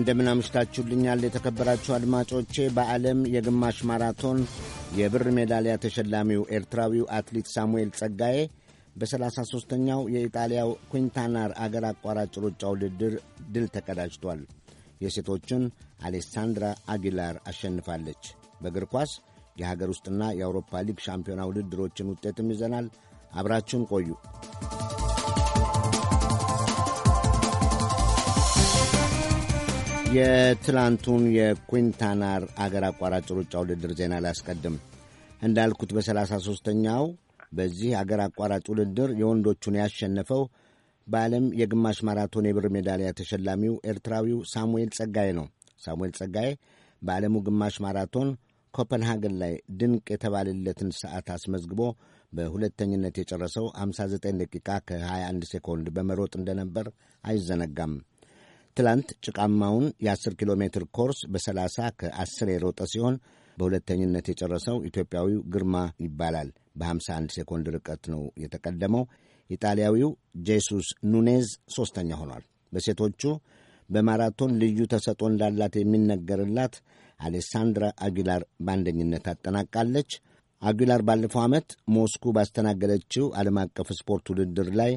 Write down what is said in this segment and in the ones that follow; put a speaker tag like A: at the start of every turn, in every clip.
A: እንደምናምሽታችሁልኛል የተከበራችሁ አድማጮቼ። በዓለም የግማሽ ማራቶን የብር ሜዳሊያ ተሸላሚው ኤርትራዊው አትሌት ሳሙኤል ጸጋዬ በ33ኛው የኢጣሊያው ኩንታናር አገር አቋራጭ ሩጫ ውድድር ድል ተቀዳጅቷል። የሴቶቹን አሌሳንድራ አጊላር አሸንፋለች። በእግር ኳስ የሀገር ውስጥና የአውሮፓ ሊግ ሻምፒዮና ውድድሮችን ውጤትም ይዘናል። አብራችሁን ቆዩ። የትላንቱን የኩንታናር አገር አቋራጭ ሩጫ ውድድር ዜና ላስቀድም እንዳልኩት በሰላሳ ሦስተኛው በዚህ አገር አቋራጭ ውድድር የወንዶቹን ያሸነፈው በዓለም የግማሽ ማራቶን የብር ሜዳሊያ ተሸላሚው ኤርትራዊው ሳሙኤል ጸጋዬ ነው። ሳሙኤል ጸጋዬ በዓለሙ ግማሽ ማራቶን ኮፐንሃገን ላይ ድንቅ የተባለለትን ሰዓት አስመዝግቦ በሁለተኝነት የጨረሰው 59 ደቂቃ ከ21 ሴኮንድ በመሮጥ እንደነበር አይዘነጋም። ትላንት ጭቃማውን የ10 ኪሎ ሜትር ኮርስ በ30 ከ10 የሮጠ ሲሆን በሁለተኝነት የጨረሰው ኢትዮጵያዊው ግርማ ይባላል። በ51 ሴኮንድ ርቀት ነው የተቀደመው። ኢጣሊያዊው ጄሱስ ኑኔዝ ሦስተኛ ሆኗል። በሴቶቹ በማራቶን ልዩ ተሰጦ እንዳላት የሚነገርላት አሌሳንድራ አጊላር በአንደኝነት አጠናቃለች። አጊላር ባለፈው ዓመት ሞስኩ ባስተናገደችው ዓለም አቀፍ ስፖርት ውድድር ላይ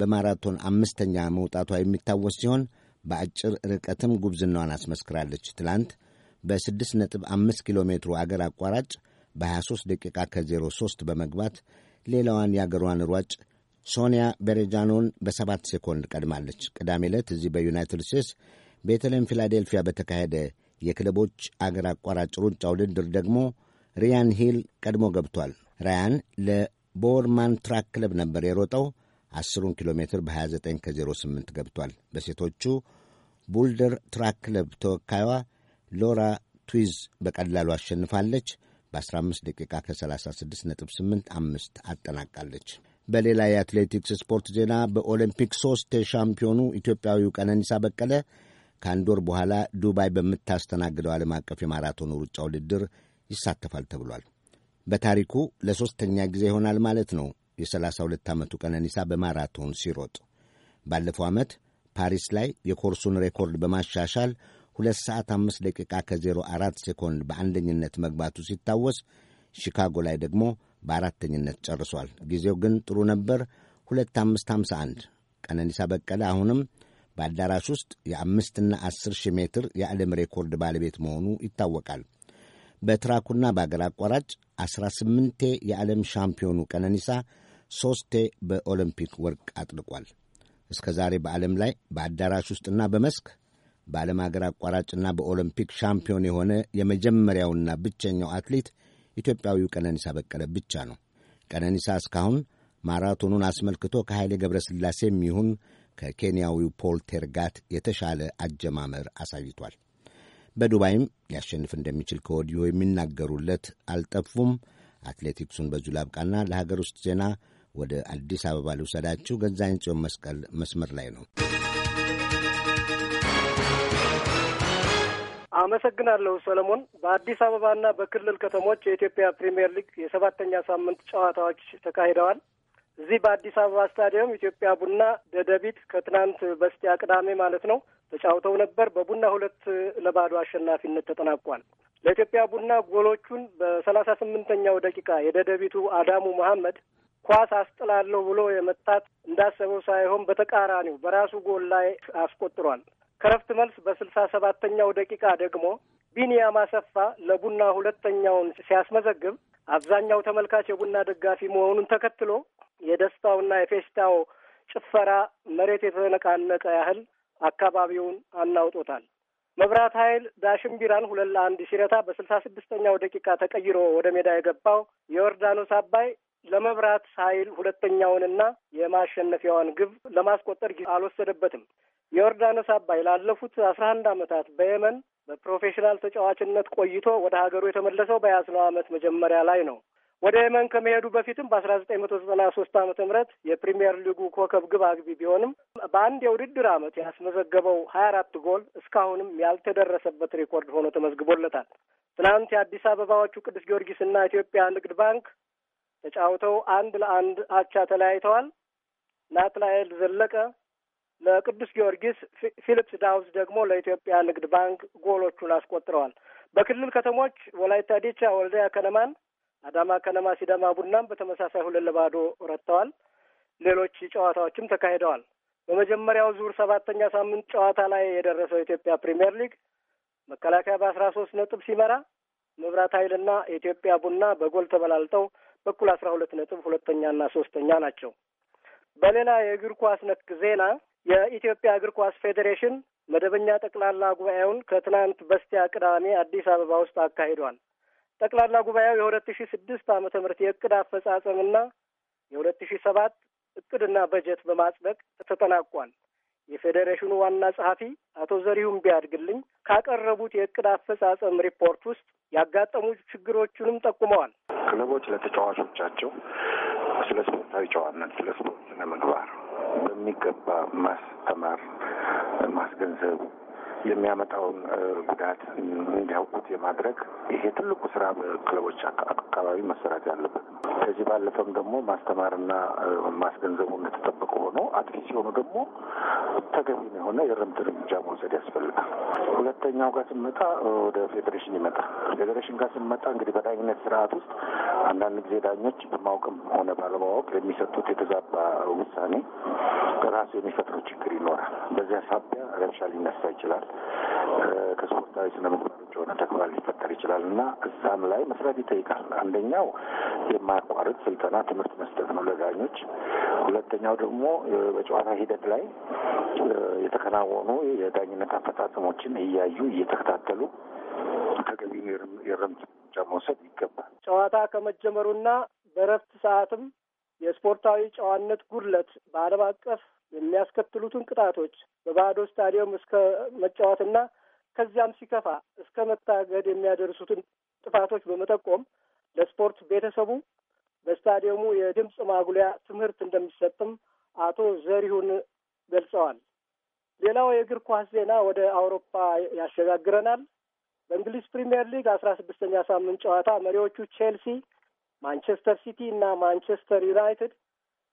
A: በማራቶን አምስተኛ መውጣቷ የሚታወስ ሲሆን በአጭር ርቀትም ጉብዝናዋን አስመስክራለች። ትላንት በ6.5 ኪሎ ሜትሩ አገር አቋራጭ በ23 ደቂቃ ከ03 በመግባት ሌላዋን የአገሯን ሯጭ ሶኒያ በሬጃኖን በሰባት ሴኮንድ ቀድማለች። ቅዳሜ ዕለት እዚህ በዩናይትድ ስቴትስ ቤተልሔም ፊላዴልፊያ በተካሄደ የክለቦች አገር አቋራጭ ሩጫ ውድድር ደግሞ ሪያን ሂል ቀድሞ ገብቷል። ራያን ለቦርማን ትራክ ክለብ ነበር የሮጠው። 10 ኪሎ ሜትር በ29 ከ08 ገብቷል። በሴቶቹ ቡልደር ትራክ ክለብ ተወካይዋ ሎራ ትዊዝ በቀላሉ አሸንፋለች። በ15 ደቂቃ ከ36.85 አጠናቃለች። በሌላ የአትሌቲክስ ስፖርት ዜና በኦሎምፒክ ሦስት የሻምፒዮኑ ኢትዮጵያዊው ቀነኒሳ በቀለ ከአንድ ወር በኋላ ዱባይ በምታስተናግደው ዓለም አቀፍ የማራቶን ሩጫ ውድድር ይሳተፋል ተብሏል። በታሪኩ ለሦስተኛ ጊዜ ይሆናል ማለት ነው የ32 ዓመቱ ቀነኒሳ በማራቶን ሲሮጥ ባለፈው ዓመት ፓሪስ ላይ የኮርሱን ሬኮርድ በማሻሻል 2 ሰዓት 5 ደቂቃ ከ04 ሴኮንድ በአንደኝነት መግባቱ ሲታወስ፣ ሺካጎ ላይ ደግሞ በአራተኝነት ጨርሷል። ጊዜው ግን ጥሩ ነበር፣ 2551 ቀነኒሳ በቀለ አሁንም በአዳራሽ ውስጥ የአምስትና አስር ሺህ ሜትር የዓለም ሬኮርድ ባለቤት መሆኑ ይታወቃል። በትራኩና በአገር አቋራጭ 18ቴ የዓለም ሻምፒዮኑ ቀነኒሳ ሦስቴ በኦሎምፒክ ወርቅ አጥልቋል። እስከ ዛሬ በዓለም ላይ በአዳራሽ ውስጥና በመስክ በዓለም አገር አቋራጭና በኦሎምፒክ ሻምፒዮን የሆነ የመጀመሪያውና ብቸኛው አትሌት ኢትዮጵያዊው ቀነኒሳ በቀለ ብቻ ነው። ቀነኒሳ እስካሁን ማራቶኑን አስመልክቶ ከኃይሌ ገብረስላሴ ይሁን ከኬንያዊው ፖል ቴርጋት የተሻለ አጀማመር አሳይቷል። በዱባይም ሊያሸንፍ እንደሚችል ከወዲሁ የሚናገሩለት አልጠፉም። አትሌቲክሱን በዙ ላብቃና ለሀገር ውስጥ ዜና ወደ አዲስ አበባ ልውሰዳችሁ። ገዛኝ ጽዮን መስቀል መስመር ላይ ነው።
B: አመሰግናለሁ ሰለሞን። በአዲስ አበባና በክልል ከተሞች የኢትዮጵያ ፕሪምየር ሊግ የሰባተኛ ሳምንት ጨዋታዎች ተካሂደዋል። እዚህ በአዲስ አበባ ስታዲየም ኢትዮጵያ ቡና ደደቢት ከትናንት በስቲያ ቅዳሜ ማለት ነው ተጫውተው ነበር። በቡና ሁለት ለባዶ አሸናፊነት ተጠናቋል። ለኢትዮጵያ ቡና ጎሎቹን በሰላሳ ስምንተኛው ደቂቃ የደደቢቱ አዳሙ መሐመድ ኳስ አስጥላለሁ ብሎ የመጣት እንዳሰበው ሳይሆን በተቃራኒው በራሱ ጎል ላይ አስቆጥሯል። ከረፍት መልስ በስልሳ ሰባተኛው ደቂቃ ደግሞ ቢኒያም አሰፋ ለቡና ሁለተኛውን ሲያስመዘግብ አብዛኛው ተመልካች የቡና ደጋፊ መሆኑን ተከትሎ የደስታውና የፌስታው ጭፈራ መሬት የተነቃነቀ ያህል አካባቢውን አናውጦታል። መብራት ኃይል ዳሽን ቢራን ሁለት ለአንድ ሲረታ በስልሳ ስድስተኛው ደቂቃ ተቀይሮ ወደ ሜዳ የገባው የዮርዳኖስ አባይ ለመብራት ኃይል ሁለተኛውንና የማሸነፊያዋን ግብ ለማስቆጠር ጊዜ አልወሰደበትም። የዮርዳኖስ አባይ ላለፉት አስራ አንድ ዓመታት በየመን በፕሮፌሽናል ተጫዋችነት ቆይቶ ወደ ሀገሩ የተመለሰው በያዝነው ዓመት መጀመሪያ ላይ ነው። ወደ የመን ከመሄዱ በፊትም በአስራ ዘጠኝ መቶ ዘጠና ሶስት ዓመተ ምህረት የፕሪሚየር ሊጉ ኮከብ ግብ አግቢ ቢሆንም በአንድ የውድድር ዓመት ያስመዘገበው ሀያ አራት ጎል እስካሁንም ያልተደረሰበት ሪኮርድ ሆኖ ተመዝግቦለታል። ትናንት የአዲስ አበባዎቹ ቅዱስ እና ኢትዮጵያ ንግድ ባንክ ተጫውተው አንድ ለአንድ አቻ ተለያይተዋል። ናትናኤል ዘለቀ ለቅዱስ ጊዮርጊስ፣ ፊሊፕስ ዳውዝ ደግሞ ለኢትዮጵያ ንግድ ባንክ ጎሎቹን አስቆጥረዋል። በክልል ከተሞች ወላይታ ዲቻ ወልዳያ ከነማን፣ አዳማ ከነማ ሲዳማ ቡናም በተመሳሳይ ሁለት ለባዶ ረትተዋል። ሌሎች ጨዋታዎችም ተካሂደዋል። በመጀመሪያው ዙር ሰባተኛ ሳምንት ጨዋታ ላይ የደረሰው ኢትዮጵያ ፕሪምየር ሊግ መከላከያ በአስራ ሶስት ነጥብ ሲመራ መብራት ኃይልና የኢትዮጵያ ቡና በጎል ተበላልጠው በኩል አስራ ሁለት ነጥብ ሁለተኛና ሶስተኛ ናቸው። በሌላ የእግር ኳስ ነክ ዜና የኢትዮጵያ እግር ኳስ ፌዴሬሽን መደበኛ ጠቅላላ ጉባኤውን ከትናንት በስቲያ ቅዳሜ አዲስ አበባ ውስጥ አካሂዷል። ጠቅላላ ጉባኤው የሁለት ሺ ስድስት ዓመተ ምህረት የእቅድ አፈጻጸምና የሁለት ሺ ሰባት እቅድና በጀት በማጽደቅ ተጠናቋል። የፌዴሬሽኑ ዋና ጸሐፊ አቶ ዘሪሁን ቢያድግልኝ ካቀረቡት የእቅድ አፈጻጸም ሪፖርት ውስጥ ያጋጠሙ ችግሮቹንም ጠቁመዋል።
C: ክለቦች ለተጫዋቾቻቸው ስለ ስፖርታዊ ጨዋነት፣ ስለ ስፖርት ስነ ምግባር በሚገባ ማስተማር፣ ማስገንዘብ የሚያመጣውን ጉዳት እንዲያውቁት የማድረግ ይሄ ትልቁ ስራ በክለቦች አካባቢ መሰራት ያለበት ነው። ከዚህ ባለፈም ደግሞ ማስተማርና ማስገንዘቡ እንደተጠበቀ ሆኖ አጥቂ ሲሆኑ ደግሞ ተገቢም የሆነ የእርምት እርምጃ መውሰድ ያስፈልጋል። ሁለተኛው ጋር ስንመጣ ወደ ፌዴሬሽን ይመጣል። ፌዴሬሽን ጋር ስንመጣ እንግዲህ በዳኝነት ስርዓት ውስጥ አንዳንድ ጊዜ ዳኞች በማወቅም ሆነ ባለማወቅ የሚሰጡት የተዛባ ውሳኔ ራሱ የሚፈጥረው ችግር ይኖራል። በዚያ ሳቢያ ረብሻ ሊነሳ ይችላል። ከስፖርታዊ ስነ ምግባሮች የሆነ ተግባር ሊፈጠር ይችላል እና እዛም ላይ መስራት ይጠይቃል። አንደኛው የማያቋርጥ ስልጠና ትምህርት መስጠት ነው ለዳኞች። ሁለተኛው ደግሞ በጨዋታ ሂደት ላይ የተከናወኑ የዳኝነት አፈጻጸሞችን እያዩ እየተከታተሉ ተገቢ የእርምት መውሰድ ይገባል።
B: ጨዋታ ከመጀመሩና በረፍት ሰዓትም የስፖርታዊ ጨዋነት ጉድለት በዓለም አቀፍ የሚያስከትሉትን ቅጣቶች በባዶ ስታዲየም እስከ መጫወትና ከዚያም ሲከፋ እስከ መታገድ የሚያደርሱትን ጥፋቶች በመጠቆም ለስፖርት ቤተሰቡ በስታዲየሙ የድምፅ ማጉሊያ ትምህርት እንደሚሰጥም አቶ ዘሪሁን ገልጸዋል። ሌላው የእግር ኳስ ዜና ወደ አውሮፓ ያሸጋግረናል። በእንግሊዝ ፕሪምየር ሊግ አስራ ስድስተኛ ሳምንት ጨዋታ መሪዎቹ ቼልሲ፣ ማንቸስተር ሲቲ እና ማንቸስተር ዩናይትድ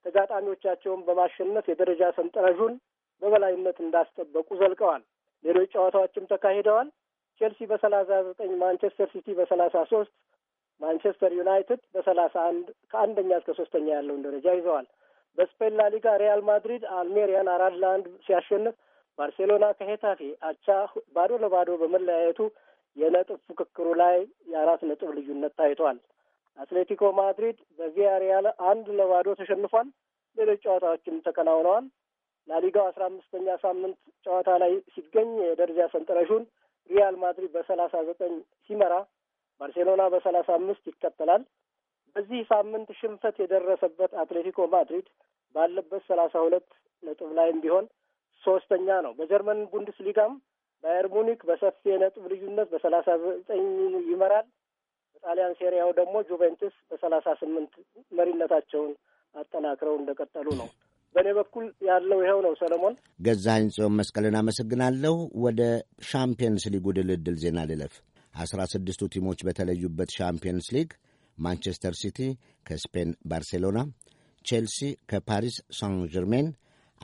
B: ተጋጣሚዎቻቸውን በማሸነፍ የደረጃ ሰንጠረዡን በበላይነት እንዳስጠበቁ ዘልቀዋል። ሌሎች ጨዋታዎችም ተካሂደዋል። ቼልሲ በሰላሳ ዘጠኝ ማንቸስተር ሲቲ በሰላሳ ሶስት ማንቸስተር ዩናይትድ በሰላሳ አንድ ከአንደኛ እስከ ሶስተኛ ያለውን ደረጃ ይዘዋል። በስፔን ላሊጋ ሪያል ማድሪድ አልሜሪያን አራት ለአንድ ሲያሸንፍ ባርሴሎና ከሄታፌ አቻ ባዶ ለባዶ በመለያየቱ የነጥብ ፉክክሩ ላይ የአራት ነጥብ ልዩነት ታይቷል። አትሌቲኮ ማድሪድ በቪያሪያል አንድ ለባዶ ተሸንፏል። ሌሎች ጨዋታዎችም ተከናውነዋል። ላሊጋው አስራ አምስተኛ ሳምንት ጨዋታ ላይ ሲገኝ የደረጃ ሰንጠረሹን ሪያል ማድሪድ በሰላሳ ዘጠኝ ሲመራ ባርሴሎና በሰላሳ አምስት ይከተላል። በዚህ ሳምንት ሽንፈት የደረሰበት አትሌቲኮ ማድሪድ ባለበት ሰላሳ ሁለት ነጥብ ላይም ቢሆን ሶስተኛ ነው። በጀርመን ቡንድስሊጋም ባየር ሙኒክ በሰፊ የነጥብ ልዩነት በሰላሳ ዘጠኝ ይመራል። በጣሊያን ሴሪያው ደግሞ ጁቬንቱስ በሰላሳ ስምንት መሪነታቸውን አጠናክረው እንደቀጠሉ ነው። በእኔ በኩል ያለው ይኸው ነው። ሰለሞን
A: ገዛኸኝ ጽዮን መስቀልን አመሰግናለሁ። ወደ ሻምፒየንስ ሊጉ ድልድል ዜና ልለፍ። አስራ ስድስቱ ቲሞች በተለዩበት ሻምፒየንስ ሊግ ማንቸስተር ሲቲ ከስፔን ባርሴሎና፣ ቼልሲ ከፓሪስ ሳን ጀርሜን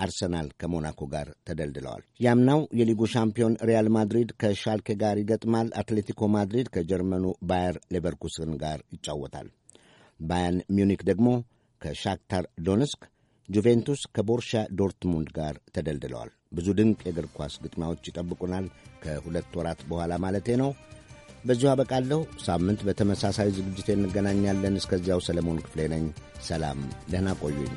A: አርሰናል ከሞናኮ ጋር ተደልድለዋል። ያምናው የሊጉ ሻምፒዮን ሪያል ማድሪድ ከሻልኬ ጋር ይገጥማል። አትሌቲኮ ማድሪድ ከጀርመኑ ባየር ሌቨርኩስን ጋር ይጫወታል። ባያን ሚዩኒክ ደግሞ ከሻክታር ዶነስክ፣ ጁቬንቱስ ከቦርሻ ዶርትሙንድ ጋር ተደልድለዋል። ብዙ ድንቅ የእግር ኳስ ግጥሚያዎች ይጠብቁናል። ከሁለት ወራት በኋላ ማለቴ ነው። በዚሁ አበቃለሁ። ሳምንት በተመሳሳይ ዝግጅት እንገናኛለን። እስከዚያው ሰለሞን ክፍሌ ነኝ። ሰላም፣ ደህና ቆዩኝ።